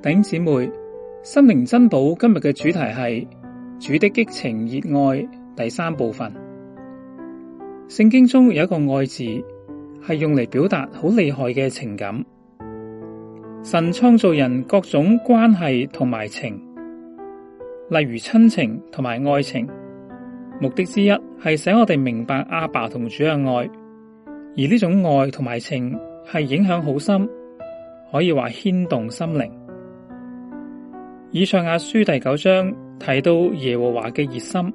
弟兄姊妹，心靈珍寶今日嘅主題係主的激情熱愛第三部分。聖經中有一個愛字，係用嚟表達好厲害嘅情感。神創造人各種關係同埋情，例如親情同埋愛情，目的之一係使我哋明白阿爸同主嘅愛，而呢種愛同埋情係影響好深，可以話牽動心靈。以賽亞書第九章提到耶和華嘅熱心，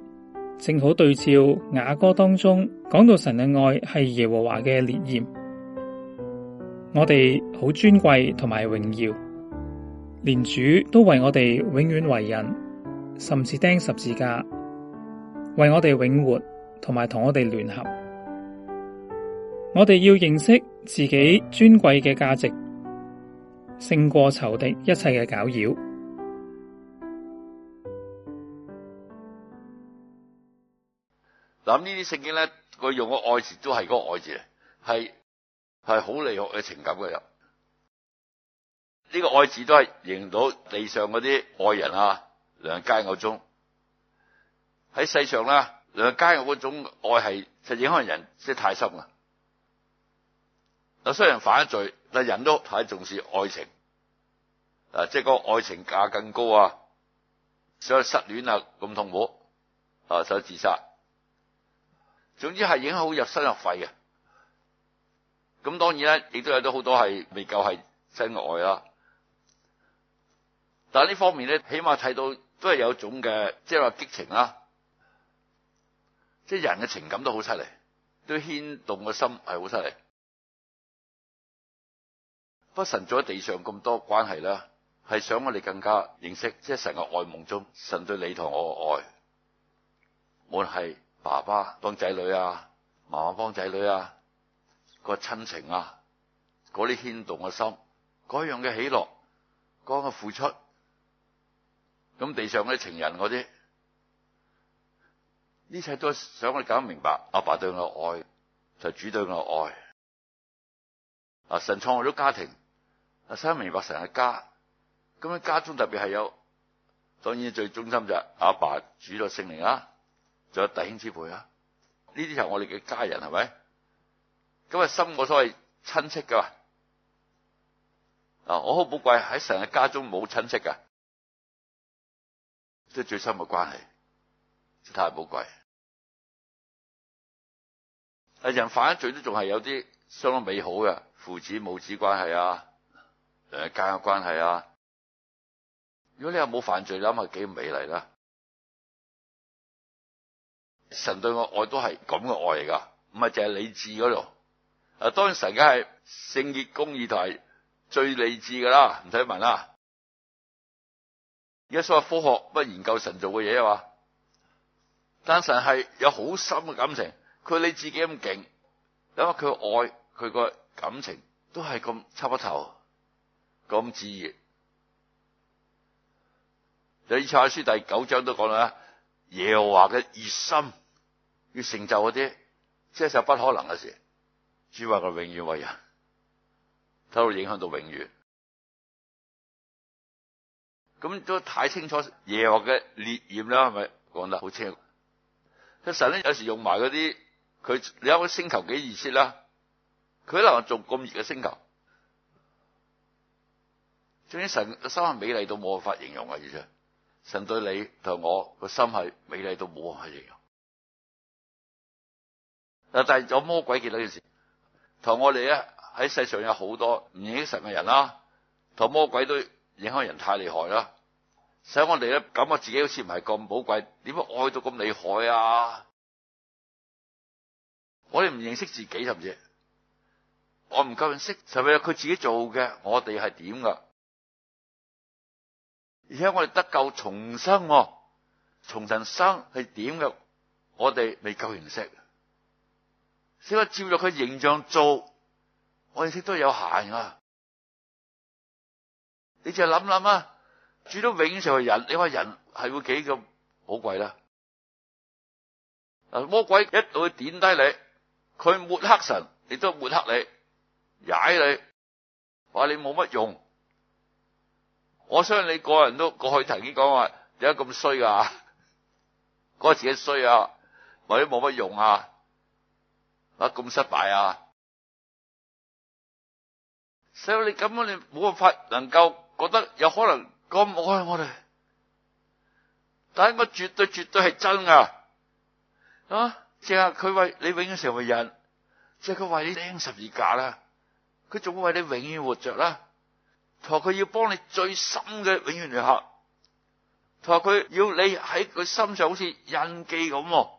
正好對照雅歌當中講到神嘅愛係耶和華嘅烈焰。我哋好尊貴同埋榮耀，連主都為我哋永遠為人，甚至釘十字架，為我哋永活同埋同我哋聯合。我哋要認識自己尊貴嘅價值，勝過仇敵一切嘅攪擾。嗱，呢啲聖經咧，佢用個愛字都係嗰個愛字，係係好離合嘅情感嘅。呢個愛字都係認到地上嗰啲愛人啊，良人佳偶中，喺世上啦，良人佳偶嗰種愛係實在可人即係太深啦。雖然犯咗罪，但人都太重視愛情，啊，即係個愛情價更高啊，所以失戀啊咁痛苦啊，就自殺。總之係影響好入身入肺嘅，咁當然啦，亦都有咗好多係未夠係真愛啦。但呢方面咧，起碼睇到都係有種嘅，即係話激情啦，即係人嘅情感都好犀利，都牽動個心係好犀利。不神做喺地上咁多關係啦，係想我哋更加認識，即係成個愛夢中，夢中神對你同我嘅愛滿係。爸爸幫仔女啊，媽媽幫仔女啊，個親情啊，嗰啲牽動嘅心，嗰樣嘅喜樂，嗰個付出，咁地上嗰啲情人嗰啲，呢一切都想我哋搞明白。阿爸，爸對我嘅愛，就是、主對我嘅愛。啊，神創造咗家庭，啊，想明白成日家。咁喺家中特別係有，當然最中心就係阿爸，爸主嘅聖靈啦。仲有弟兄之輩啊！呢啲係我哋嘅家人係咪？咁啊，深我所謂親戚噶嘛。我好寶貴喺成日家中冇親戚噶，即係最深嘅關係，真係太寶貴。啊，人犯咗罪都仲係有啲相當美好嘅父子母子關係啊，誒，姻婭關係啊。如果你又冇犯罪，你諗下幾美麗啦～神對我愛都係咁嘅愛嚟噶，唔係淨係理智嗰度。啊，當，神當然神梗係聖潔公義同係最理智噶啦，唔使問啦。而家所謂話科學乜研究神做嘅嘢話，但神係有好深嘅感情。佢你自己咁勁，因為佢愛佢個感情都係咁差不頭，咁自然。以賽亞書第九章都講啦，耶和華嘅熱心。要成就嗰啲，即係就不可能嘅事。主話佢永遠為人，睇到影響到永遠。咁都太清楚耶和嘅烈焰啦，係咪講得好清楚？神咧有時用埋嗰啲佢你有一個星球嘅意思啦，佢能夠做咁熱嘅星球。總之神個心係美麗到冇法形容啊！主啊，神對你同我個心係美麗到冇法形容。但係有魔鬼嘅呢件事，同我哋咧喺世上有好多唔認識嘅人啦，同魔鬼都影響人太厲害啦，使我哋咧感覺自己好似唔係咁寶貴，點解愛到咁厲害啊？我哋唔認識自己甚至，我唔夠認識，係咪佢自己做嘅？我哋係點噶？而且我哋得救重生，重神生生係點嘅？我哋未夠認識。只可照着佢形象做，我哋識都有限㗎。你就諗諗啊，住到永世嘅人，你話人係會幾咁寶貴啦？嗱，魔鬼一路去貶低你，佢抹黑神，亦都抹黑你，踩你，話你冇乜用。我相信你個人都過去曾經講話，點解咁衰啊，覺得、那個、自己衰啊，或者冇乜用啊。咁、啊、失敗啊？所以你根本你冇辦法能夠覺得有可能咁愛我哋，但係我絕對絕對係真噶，啊！即係佢為你永遠成為人，即係佢為你釘十字架啦，佢仲會為你永遠活着啦。同佢要幫你最深嘅永遠聯合，同佢要你喺佢心上好似印記咁，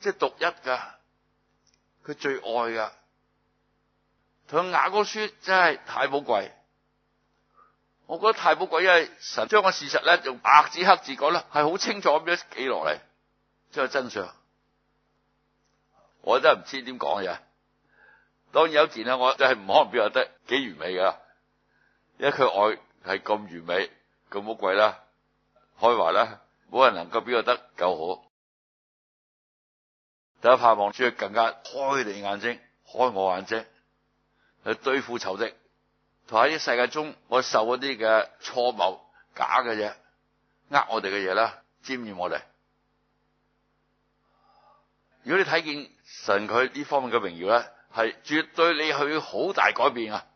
即係獨一噶。佢最愛噶，佢雅哥書真係太寶貴。我覺得太寶貴，因為神將個事實咧用白紙黑字講咧，係好清楚咁樣記落嚟，即係真相。我真係唔知點講嘢。當然有一件咧，我真係唔可能表現得幾完美噶，因為佢愛係咁完美、咁寶貴啦，開懷啦，冇人能夠表現得夠好。第一盼望，主要更加開你眼睛，開我眼睛，去對付仇敵，同喺啲世界中我受嗰啲嘅錯謀假嘅嘢，呃我哋嘅嘢啦，沾染我哋。如果你睇見神佢呢方面嘅榮耀咧，係絕對你去好大改變啊！